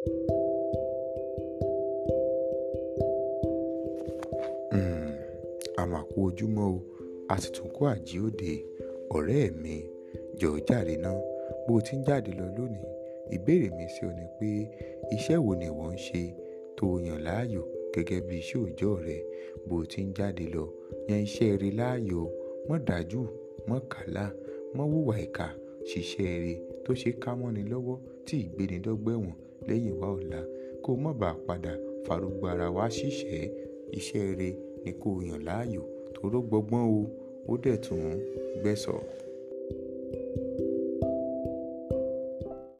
um a mà kú ojúmọ́ o a sì tún kó àjíòde ọ̀rẹ́ mi jọ̀ọ́ jàre ná bó o ti ń jáde lọ lónìí ìbéèrè mi sí ọ ni pé iṣẹ́ wo ni ìwọ ń ṣe tó yàn láàyò gẹ́gẹ́ bí iṣẹ́ òòjọ́ rẹ bó o ti ń jáde lọ yan iṣẹ́ rẹ láàyò mọ́ dájú mọ́ kàlà mọ́ wùwà ìkà ṣiṣẹ́ rẹ tó ṣe ká mọ́ni lọ́wọ́ tí ìgbéni lẹ́yìn wá ọ̀la kó o má bàa padà farugbọ ara wa ṣìṣẹ́ iṣẹ́ rẹ ni kó o yàn láàyò tó ló o ó dẹ̀ tún gbẹ̀sọ̀.